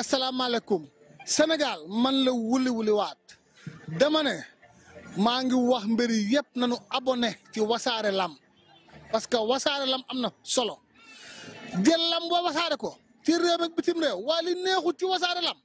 asalaamaaleykum Sénégal man la wuli wuli waat dama maa ngi wax mbir yëpp nañu abone ci wasaare lam parce que wasaare lam am na solo jël lam boo wasaare ko ci réew ak bitim réew waa li neexut ci wasaare lam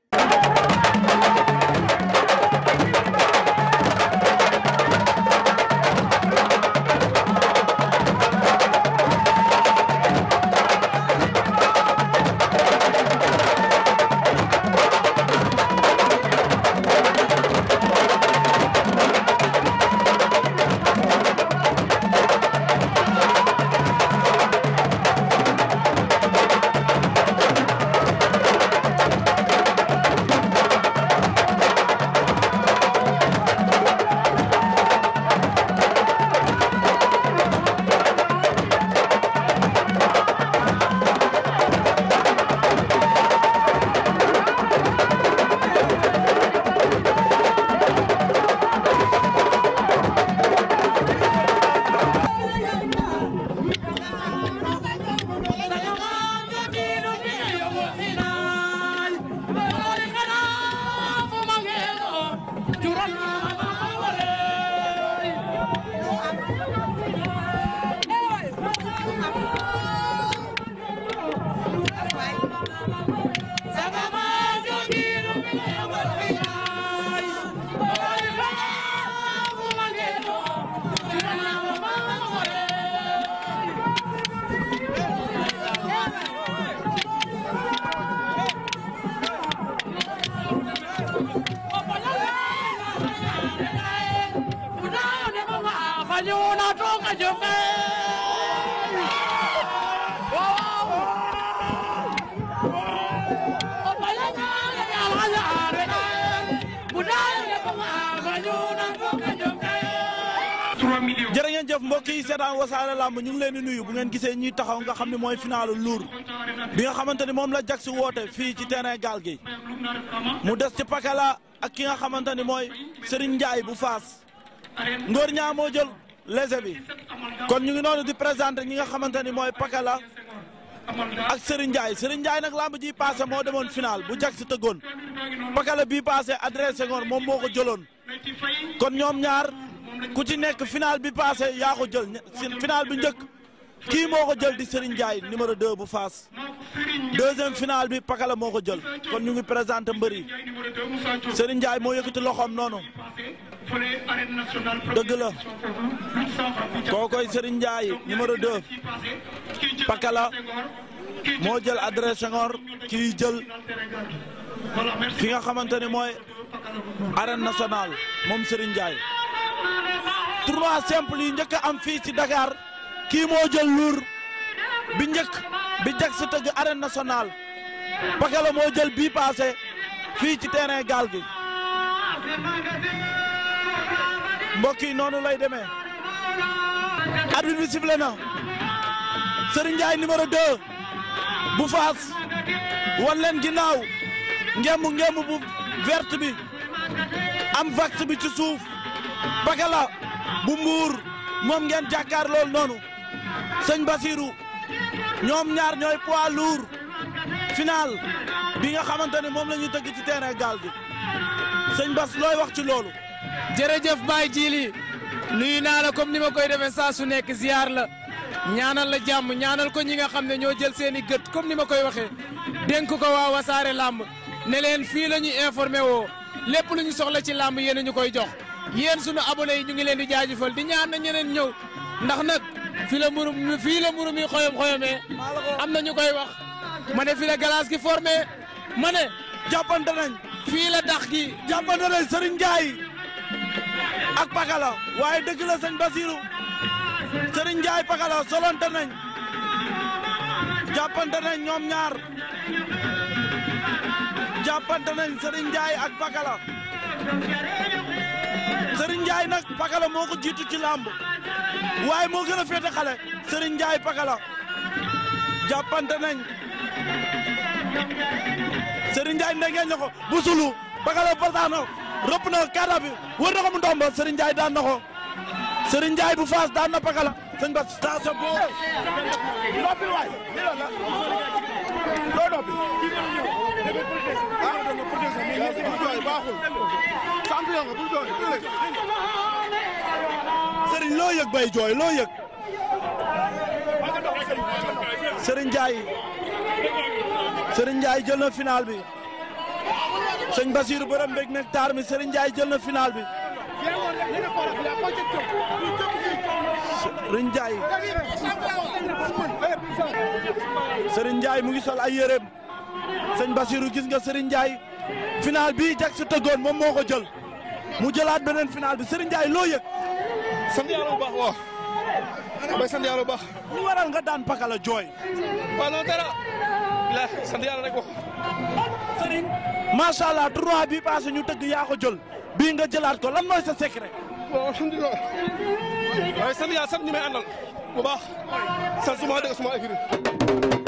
Sadio ngeen jëf mbokk yi seetaan Wassare Lamb ñu ngi leen di nuyu bu ngeen gisee ñuy taxaw nga xam ne mooy finalu luur bi nga xamante ni moom la jag si woote fii ci terrain gaal gi mu des ci pakala ak ki nga xamante ni mooy Serigne njaay bu Faas Ngor ñaa moo jël lese bi kon ñu ngi noonu di présenter ñi nga xamante ni mooy Pakala ak Serigne Ndiaye Serigne Ndiaye nag lamb ji passé moo demoon final bu jag si tëggoon Pakala bii passé Adrien Senghor moom moo ko jëloon kon ñoom ñaar ku ci nekk final bi passé yaa ko jël final bi njëkk. kii moo ko jël di Serigne Ndiaye numéro 2 bu Faas deuxième finale bi Pakala moo ko jël kon ñu ngi présenté mbër yi Serigne Ndiaye moo yëkkati loxoom noonu dëgg la kookoy Serigne Ndiaye Pakala moo jël adresse Senghor kii jël fi nga xamante ni mooy arène nationale moom Serigne Ndiaye trois yi njëkk am fii ci Dakar. kii moo jël luur bi njëkk bi jag si tëgg arène nationale moo jël bii paase fii ci terrain gaal gi mbokk yi noonu lay demee arbitre bi sifflé na sëriñ Ndiaye numéro 2 bu faas wan leen ginnaaw ngemb ngemb bu verte bi am vax bi ci suuf Pakala bu mbuur moom ngeen jàkkaar lool noonu sëñ Basirou ñoom ñaar ñooy poids lourd final bi nga xamante ne moom la ñu tëgg ci terrain gaal gi sëñ Bas looy wax ci loolu. jërëjëf Baye Djili nuyu naa la comme ni ma koy defee saa su nekk ziar la ñaanal la jàmm ñaanal ko ñi nga xam ne ñoo jël seen i gët comme ni ma koy waxee dénk ko waa wasaare làmb ne leen fii la ñuy informé woo lépp lu soxla ci làmb yéen ñu koy jox yéen sunu abonné yi ñu ngi leen di jaajëfal di ñaan na ñeneen ñëw ndax nag. fii la muru fii la muru mi xoyom xoyomee am na koy wax ma ne fii la galaas gi formé ma ne jàppante nañ fii la dax gi jàppante nañ Serigne Ndiaye ak Pakala waaye dëgg la sëñ Basirou Serigne Ndiaye Pakala solonte nañ jàppante nañ ñoom ñaar jàppante nañ Serigne Ndiaye ak Pakala Serigne Ndiaye nag Pakala moo ko jiitu ci làmb waaye moo gën a xale Serigne Pakala jàppante nañ Serigne Ndiaye na ko bu sulu Pakala bataan na rëpp na kaata bi wër na ko mu ndomba daan na ko Serigne bu faas daan na Pakala sëñ Bas station boo noppi waay loo noppi sëriñ loo yëg bay jooy loo yëg sëriñ Ndiaye sëriñ Ndiaye jël na final bi sëñ Basiir borom mbég nekk taar mi sëriñ Ndiaye jël na final bi sëriñ Ndiaye sëriñ Ndiaye mu ngi sol ay yéreem sëñ Basiru gis nga Serigne Ndiaye final bi jag si tëggoon moom moo ko jël mu jëlaat beneen final bi Serigne Ndiaye loo yëg. sant yàlla bu baax waaw. bay sant bu baax. ñu waral nga daan pakala jooy. waaw non dara. la sant rek wax. Serigne macha allah bi passé ñu tëgg yaa ko jël bii nga jëlaat ko lan mooy sa secret. waaw alhamdulilah. waaye sant yàlla sant may àndal bu baax sant suma dëgg suma écrit.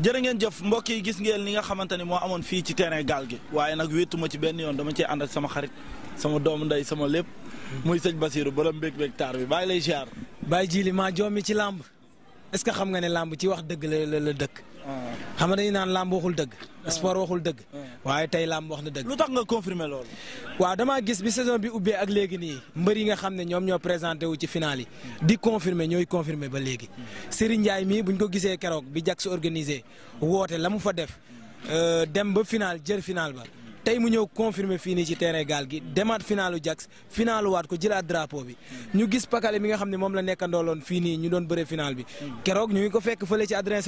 jërë ngeen jëf mbokk yi gis ngeen li nga xamante ni moo amoon fii ci terrain gaal gi waaye nag wéetuma ci benn yoon dama cee ànd ak sama xarit sama doomu ndey sama lépp muy sëñ Basiirou borom mbég mbég taar bi bàyyi lay ziar. bàyyi ji li maa joomi ci làmb est ce que xam nga ne làmb ci wax dëgg la la dëkk xam nga dañuy naan làmb waxul dëgg. sport waxul dëgg. waaye tey làmb wax na dëgg. lu tax nga confirmer lool waaw damaa gis bi saison bi ubbee ak léegi nii mbër yi nga xam ne ñoom ñoo présenté wu ci final di confirmer ñooy confirmer ba léegi. Serigne Ndiaye mii bu ñu ko gisee keroog bi jag su organisé woote la mu fa def euh, dem ba final jël final ba. tey mu ñëw confirmer fii nii ci terrain gaal gi demaat finalu Jax finalu waat ko jëlaat drapeau bi ñu gis pakale mi nga xam n moom la nekkandooloon fii nii ñu doon bëre final bi hmm. keroog ñu ngi ko fekk fële ci Adrien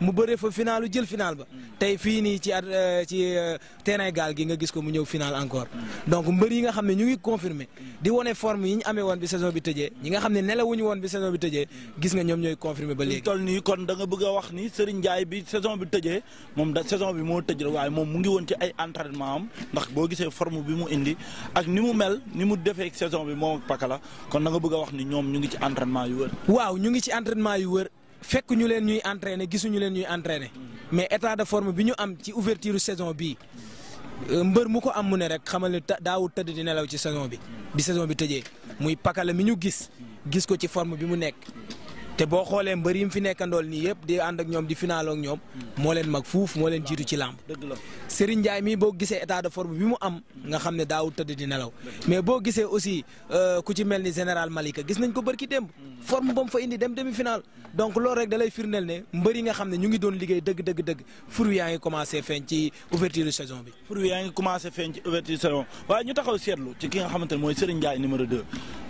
mu bëree fa final jël final ba tey fii nii ci at euh, ci euh, gi nga gis ko mu ñëw final encore donc mbër yi nga xam ne ñu ngi confirmé di wone forme yi ñu amee woon bi saison bi tëjee ñi nga xam ne nelawuñu woon bi saison bi tëjee gis nga ñoom ñooy confirmé ba léegi kon danga nga bëgg a wax ni Serigne Ndiaye bi saison bi tëjee moom da saison bi moo tëj waaye moom mu ngi woon ci ay entraînement am ndax boo gisee forme bi mu indi ak ni mu mel ni mu defee saison bi moom ak Pakala kon da nga bëgg a wax ni ñoom ñu ngi ci entraînement yu wër fekk ñu leen ñuy entraîner gisuñu leen ñuy entraîner mais état de forme bi ñu am ci ouvertir saison bii euh, mbër mu ko am mu ne rek xamal ne daawul tëdd di nelaw ci saison bi bi saison bi tëjee muy pakala mi ñu gis gis ko ci forme bi mu nekk te boo xoolee mbër yi mu fi nekkandool nii yëpp di ànd ak ñoom di finaaloo ak ñoom moo leen mag fuuf moo leen jiitu ci làmb Serigne Ndiaye mii boo gisee état de forme bi mu am nga xam ne daawul tëdd di nelaw mais boo gisee aussi euh, ku ci mel ni général Malika gis nañ ko bërki démb forme ba mu fa indi dem demi final donc loolu rek da lay firndeel ne mbër yi nga xam ne ñu ngi doon liggéey dëgg dëgg dëgg fruit yaa ngi commencé feeñ ci ouverture saison bi fruit yaa ngi commencé feeñ ci ouverture saison ñu taxaw seetlu ci ki nga xamante ne mooy Serigne Ndiaye numéro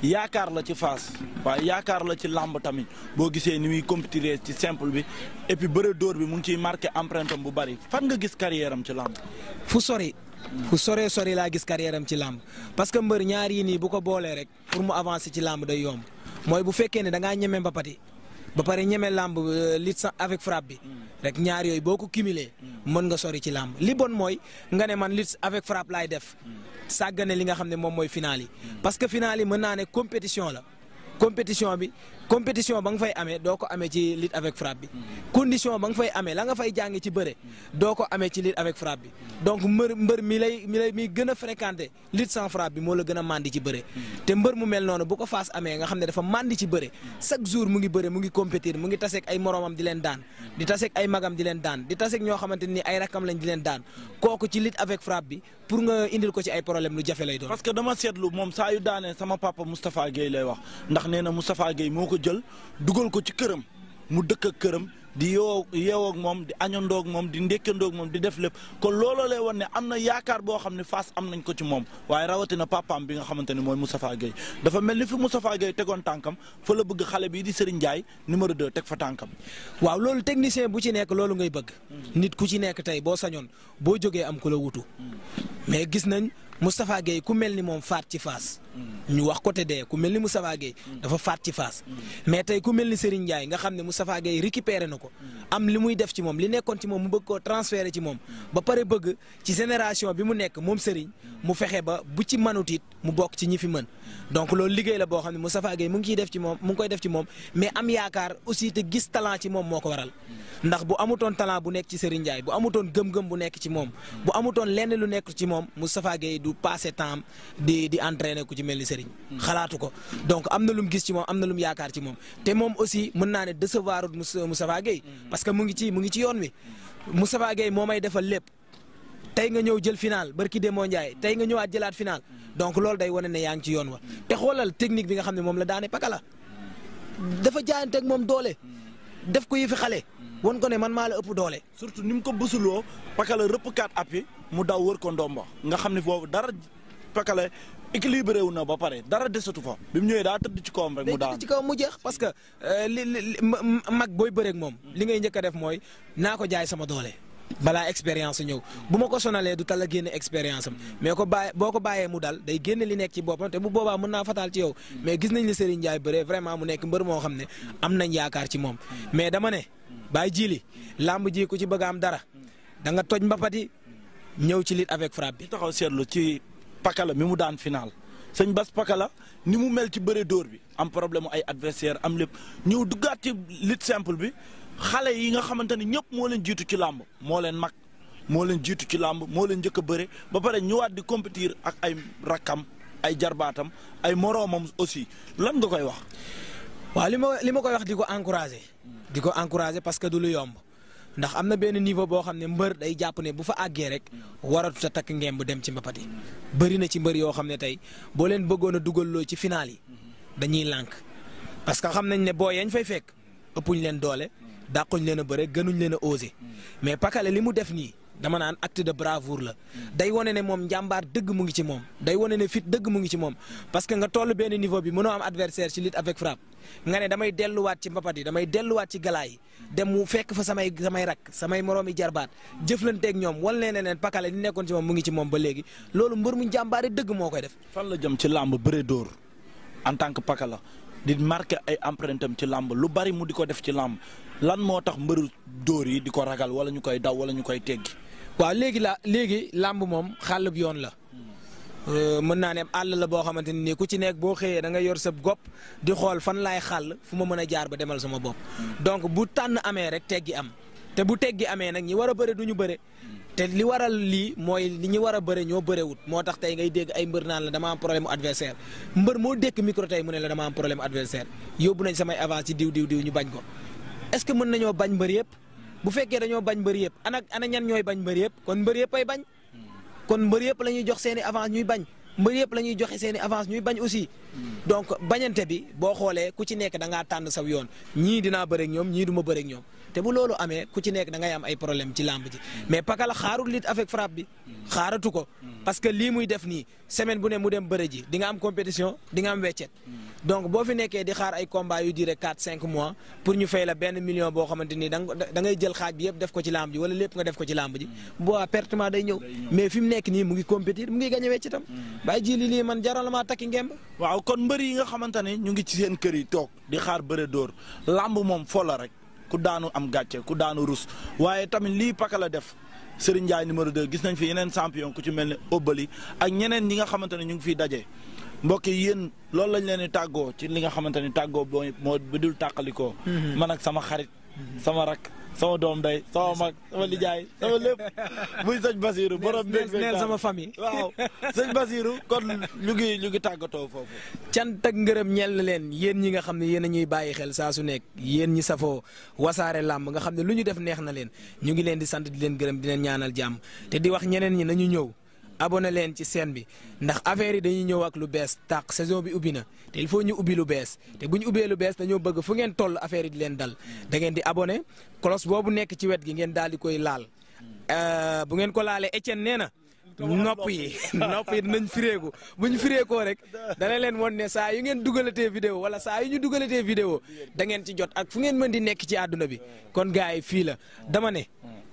yaakaar la ci Fass waaye yaakaar la ci làmb tamit boo gisee ni muy compétir ci simple bi et puis bëre bi mu ngi ciy marqué empreinte bu bari fan nga gis carrière am ci làmb. fu sori. fu sore sori laa gis carrière am ci làmb parce que mbër ñaar yi nii bu ko boolee rek pour mu avancer ci làmb day yomb mooy bu fekkee ne da ngaa ñeme mbapati ba pare ñeme làmb euh, lit sa avec frappe bi rek ñaari yooyu boo ko cumulé mën nga sori ci làmb li bon mooy nga ne man lit avec frappe laay def sàggane li nga xam ne moom mooy final parce que final mën naa ne compétition la compétition bi compétition ba nga fay amee doo ko amee ci lutte avec frappe bi ba nga fay amee la nga fay jàngi ci bëre doo ko amee ci lutte avec frappe bi donc mbër mbër mi lay mi lay gën a fréquenté lutte sans frappe bi moo la gën a mandi ci bëre te mbër mu mel noonu bu ko faas amee nga xam ne dafa mandi ci bëre chaque jour mu ngi bëre mu ngi compétir mu ngi taseeg ay moroomam di leen daan di taseeg ay magam di leen daan di taseeg ñoo xamante ni ay rakkam lañ di leen daan kooku ci lutte avec frappe bi pour nga indil ko ci ay problème lu jafe lay doon parce que dama seetlu moom saa yu daanee sama papa Moustapha Gueye lay wax ndax jël dugal ko ci këram mu dëkk ak këram di yeewoo yeewoo ak moom di añandoo ak moom di ndékkandoo ak moom di def lépp kon looloo lay wan ne am na yaakaar boo xam ne Fass am nañ ko ci moom waaye rawatina papaam bi nga xamante ne mooy Moustapha Gueye dafa mel ni fi Moustapha Gueye tegoon tànkam fa la bëgg xale bi di Serigne Ndiaye numéro 2 teg fa tànkam. waaw loolu technicien bu ci nekk loolu ngay bëgg. nit ku ci nekk tey boo sañoon boo jógee am ku la wutu. Hmm. mais gis nañ Moustapha ku mel ni moom faat ci Fass. ñu wax côté dee ku mel ni Moustapha Gueye mm. dafa faat ci face mm. mais tey ku mel ni Serigne Ndiaye nga xam ne Moustapha Gueye récupéré na ko mm. am li muy def ci moom li nekkoon ci moom mu bëgg koo transféré ci moom ba bi mu nekk mu ba bu mu bokk ci ñi fi mën donc loolu liggéey la boo xam ne Moustapha Gueye mu ngi ko waral ndax bu amutoon talent bu nekk ci Serigne Ndiaye bu amutoon gëm-gëm bu nekk ci moom mel ni Serigne. Hmm. xalaatu ko donc am na lu mu gis ci moom am na lu mu yaakaar ci moom te moom aussi mën naa ne décevoir Moustapha Gueye hmm. parce que mu ngi ci mu ngi yoon wi hmm. Moustapha Gueye moo may defal lépp tey nga ñëw jël final barki Demba Ndiaye tey nga ñëwaat jëlaat final donc loolu day wane ne yaa ci yoon wa te xoolal technique bi nga xam ne moom la daane pakala dafa jaayante moom doole def ko yi fi xale won ko ne man maa la ëpp doole. surtout ni mu ko bësuloo pakala rëpp kaat appi mu daw ko ndomba nga équilibré wu na ba pare dara desatu fa bi mu ñëwee daa tëdd ci kawam rek mu daan ci kawam mu jeex parce que euh, li mag booy bëreeg moom hmm. li ngay njëkk a def mooy naa ko jaay sama doole balaa expérience ñëw bu ma ko sonalee du tal a génne expérience hmm. mais ko bàyyi boo ko bàyyee mu dal day génne li nekk ci boppam te bu boobaa mën naa fataal ci yow hmm. mais gis nañ li Serigne Ndiaye bëree vraiment mu nekk mbër moo xam ne am nañ yaakaar ci moom mais dama ne bàyyi jiili lamb ji ku ci bëgg am dara da nga toj mbapat yi ñëw ci lit avec bi taxaw seetlu ci pakala mi mu daan final sëñ Bas pakala ni mu mel ci bëre dóor bi am problème ay adversaire am lépp ñëw duggaat ci lutte simple bi xale yi nga xamante ne ñëpp moo leen jiitu ci làmb moo leen mag moo leen jiitu ci làmb moo leen njëkk a bëre ba pare ñëwaat di compétir ak ay rakkam ay jarbaatam ay moromam aussi lan nga koy wax. waaw li ma li ma koy wax di ko encourager. Hmm. di ko encourager parce que du lu yomb. ndax am na benn niveau boo xam ne mbër day jàpp ne bu fa àggee rek waratu ta takk bu dem ci mbapat yi na ci mbër yoo xam ne tey boo leen bëggoon a dugaloo ci final yi dañuy lànk parce que xam nañ ne boo yañ fay fekk ëppuñ leen doole dàquñ leen a bëre gënuñ leen a osé mais pakale li mu def nii dama naan acte de bravoure la day wane ne moom njàmbaar dëgg mu ngi ci moom day wane ne fit dëgg mu ngi ci moom parce que nga toll benn niveau bi mënoo am adversaire ci lutte avec frappe nga ne damay delluwaat ci mbapat yi damay delluwaat ci galaay dem mu fekk fa samay samay rak samay moroomi jarbaat jëflanteeg ñoom wal nee ne leen la li nekkoon ci moom mu ngi ci moom ba léegi loolu mbër mu njàmbaari dëgg moo koy def fan la jëm ci làmb bëre dóor en tant que pakala di marqué ay empreinte am ci làmb lu bari mu di ko def ci làmb lan moo tax mbëru dóor yi di ko ragal wala ñu koy daw wala ñu koy teggi waaw léegi la léegi làmb moom xàllub yoon la euh, mën naa ne àll la boo xamante ni ku ci nekk boo xëyee da nga yor sa gopp di xool fan laay xàll fu ma mën a jaar ba demal sama bopp donc bu tànn amee rek teggi am te bu teggi amee nag ñi war a bëre du ñu bëre te li waral lii mooy li ñu war a bëre ñoo bërewut moo tax tey ngay dégg ay mbër naan la dama am problème adversaire mbër moo dékk micro mu ne la dama am problème adversaire yóbbu nañ samay avance ci diw diw diw ñu bañ ko est-ce que mën nañoo bañ mbër yëpp bu fekkee dañoo bañ mbër yëpp ana ana ñan ñooy bañ mbër yëpp kon mbër yëpp ay kon mbër yëpp la ñuy jox seeni i avance ñuy bañ mbër yëpp la ñuy joxe seeni avance ñuy bañ aussi hmm. donc bañante bi boo xoolee ku ci nekk da ngaa tànn saw yoon ñii dinaa bëre ñoom ñii duma ma bëre ñoom te bu loolu amee ku ci nekk da ngay am ay problème ci làmb ji hmm. mais Pakala xaarul lutte avec frappe bi hmm. xaaratu ko parce que lii muy def nii semaine bu ne mu dem bëre ji dinga am compétition dinga am weccet donc boo fi nekkee di xaar ay combat yu duré 4 5 mois pour ñu fay la benn million boo xamante ni da da ngay jël xaaj bi yëpp def ko ci lamb ji wala lépp nga def ko ci lamb ji mm. bu pertement day ñëw mais fi mu nekk nii mu ngi compétir mu ngi gañe wecc itam mm. bàyyi ji li lii man jaral maa takki ngemb waaw kon mbër yi nga xamante ne ñu ngi ci seen kër yi toog di xaar bëre dóor lamb moom fo rek ku daanu am gàcce ku daanu rus waaye tamit lii paka la def Serigne Ndiaye numéro 2 gis nañ fi yeneen champion ku ci mel ne Obali ak ñeneen ñi nga xamante ne ñu ngi fiy daje mbokk yi yéen loolu lañ leen tàggoo ci li nga xamante ni tàggoo booy moo bu dul tàqalikoo mhm. man ak sama xarit sama rak sama doom day sama mag sama lijaay sama lépp muy sëñ Basiirou sama famille kon ñu ngi ñu ngi tàggatoo foofu cant ak ngërëm ñeel na leen yéen ñi nga xam ne yéen a ñuy bàyyi xel saa su nekk yéen ñi safoo wasaare làmb nga xam ne lu ñu def neex na leen ñu ngi leen di sant di leen gërëm di leen ñaanal jàmm te di wax ñeneen ñi nañu ñëw abonné leen ci seen bi ndax affaire yi dañuy ñëw ak lu bees tàq saison bi ubbi na te il faut ñu ubbi lu bees te buñ ñu ubbee lu bees dañoo bëgg fu ngeen toll affaire di leen dal da ngeen di abonné cloche boobu nekk ci wet gi ngeen daal di koy laal euh, bu ngeen ko laalee Etienne nee na. nopp yi nopp yi dinañ firéeku bu ñu firéekoo rek dana leen woon ne saa yu ngeen te vidéo wala saa yu ñu dugalatee vidéo da ngeen ci jot ak fu ngeen mën di nekk ci àdduna bi kon gars yi fii la dama ne.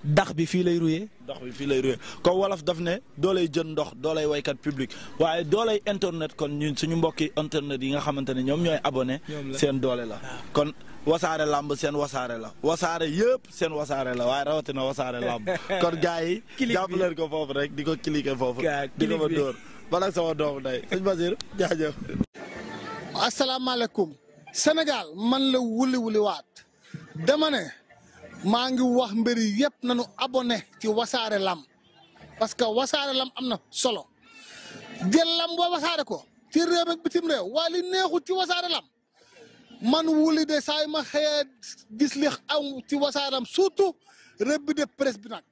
dax bi fii lay ruyee. dax bi fii lay ruyee ko wolof daf ne yi jën ndox doolay waykat public waaye doole internet kon ñun suñu mbokki internet yi nga xamante ne ñoom ñooy abonné. seen doole la kon wasaare làmb seen wasaare la wasaare yëpp seen wasaare la waaye rawatina wasaare lamb kon gars yi. jàpp leen ko foofu rek di ko cliquer foofu. di ko ma dóor bala sama doom day sëñ Basir jaajëf. asalaamaaleykum senegal man la wuli wuli waat dama ne. maa ngi wax mbër yëpp nañu abonné ci wasaare lam parce que wasaare lam am na solo jël lam ba wasaare ko ci réew ak bitim réew waa li neexul ci wasaare lam man wuli de saa ma xëyee gis li am ci wasaare lam surtout revue de presse bi nag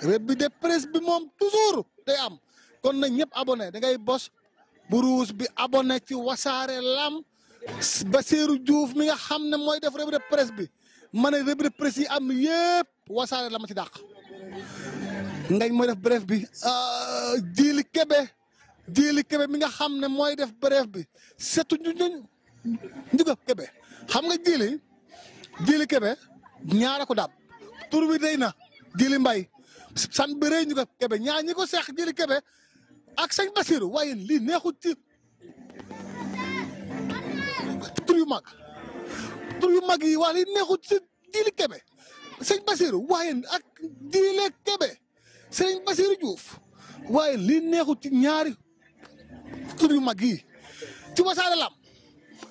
revue de presse bi moom toujours day am kon nag ñëpp abonné da ngay bos bu ruus bi abonné ci wasaare lam Bassirou Diouf mi nga xam ne mooy def revue de presse bi ma ne rëb presse yi am yëpp wasaare la ma ci dàq. ngañ mooy def bref bi jiili kebe jiili kebe mi nga xam ne mooy def bref bi setu ñu ñu njuga kebe xam nga jiili jiili kebe ñaara ko daab tur bi day na jiili mbay san bëree ñu ko kebe ñaar ñi ko seex jiili kebe ak sëñ Basiru waaye lii neexut ci tur yu mag tur yu mag yi waa li neexut si Djily Kébé sëñ Basirou waaye ak Djily Kébé sëñ Basirou Diouf waaye li neexut ci ñaari tur yu mag yi ci Wassare Lamb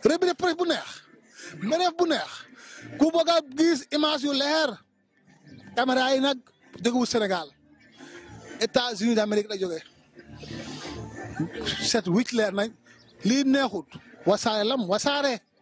revue de presse bu neex mereef bu neex ku bëgg gis image yu leer caméra yi nag jógewul Sénégal États-Unis d'Amérique la joge set wicc leer nañ li neexut Wassare Lamb Wassare